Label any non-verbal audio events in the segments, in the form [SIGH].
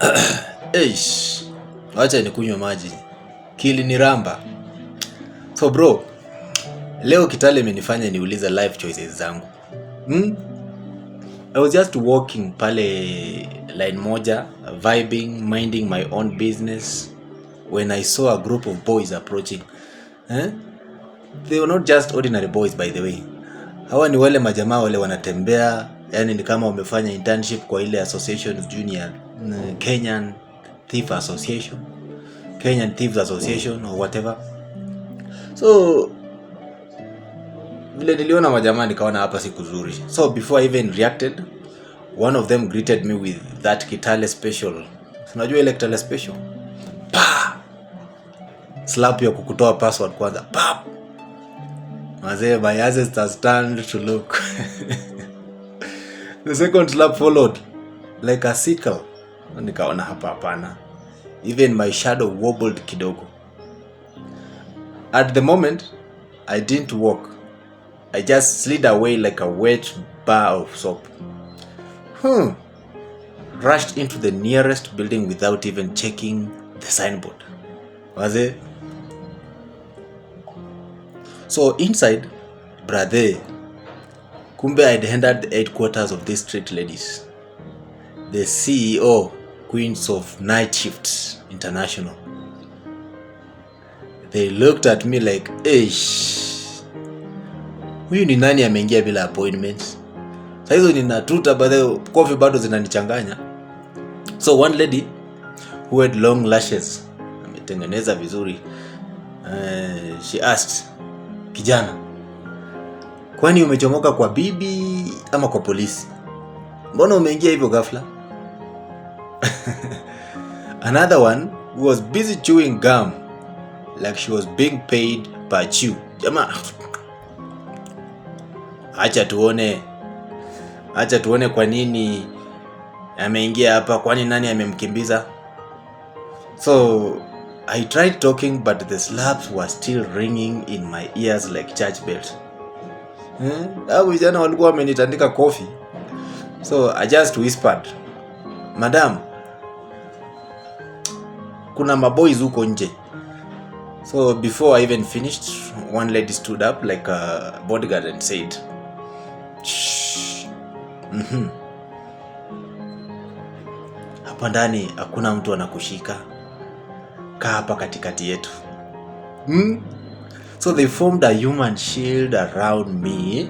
[CLEARS THROAT] Eish, wacha nikunywe maji, kili ni ramba. So bro, leo Kitale imenifanya niulize life choices zangu hmm? I was just walking pale line moja vibing minding my own business when I saw a group of boys approaching eh? They were not just ordinary boys by the way. Hawa ni wale majamaa wale wanatembea, yani ni kama wamefanya internship kwa ile association junior Eh, Kenyan Thief Association, Kenyan Thieves Association or whatever. So vile niliona majamaa nikaona hapa si kuzuri. So before I even reacted, one of them greeted me with that Kitale special. Unajua ile Kitale special? Pa! Slap ya kukutoa password kwanza. Pa! Mazee, my eyes stand to look. [LAUGHS] The second slap followed like a sickle. nikaona hapa, hapana, even my shadow wobbled kidogo. At the moment I didn't walk, I just slid away like a wet bar of soap. Hmm. Rushed into the nearest building without even checking the signboard. Was it? So inside, brother, kumbe I'd handed the headquarters of these street ladies. The CEO Queens of Night shift International. They looked at me like, eish, huyu ni nani ameingia bila appointment sahizo hizo ninatuta baadaye, coffee bado zinanichanganya. So one lady who had long lashes, ametengeneza vizuri uh, she asked, kijana, kwani umechomoka kwa bibi ama kwa polisi? Mbona umeingia hivyo gafla [LAUGHS] Another one who was busy chewing gum like she was being paid per chew. jama acha tuone, acha tuone kwa nini ameingia hapa, kwani nani amemkimbiza? So I tried talking but the slaps were still ringing in my ears like church bells. Hmm? Au vijana walikuwa wamenitandika kofi. So I just whispered, Madam, kuna maboys huko nje so before i even finished one lady stood up like a bodyguard and said mhm. hapa ndani hakuna mtu anakushika kaa hapa katikati yetu hmm? so they formed a human shield around me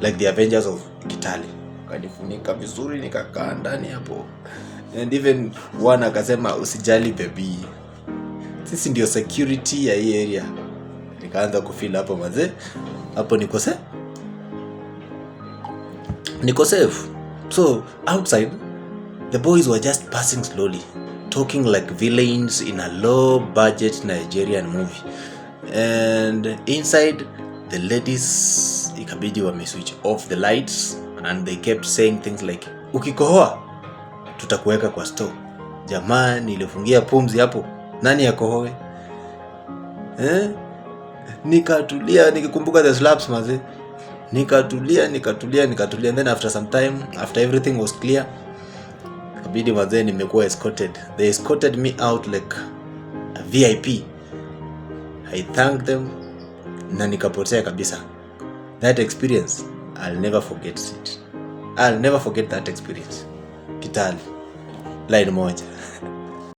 like the avengers of kitali wakanifunika vizuri nikakaa ndani hapo And even one akasema usijali bebi sisi ndio security ya hii area. Nikaanza kufil hapo mazee, hapo niko safe, niko safe. So outside the boys were just passing slowly talking like villains in a low budget Nigerian movie and inside the ladies ikabidi wame switch off the lights and they kept saying things like ukikohoa tutakuweka kwa store. Jamani, nilifungia pumzi hapo, nani akohoe eh? Nikatulia nikikumbuka the slaps mazi, nikatulia nikatulia nikatulia, then after some time, after everything was clear, kabidi mazi, nimekuwa escorted, they escorted me out like a VIP. I thank them na nikapotea kabisa. That experience I'll never forget it. I'll never forget that experience. Kitali. Ledenmoord.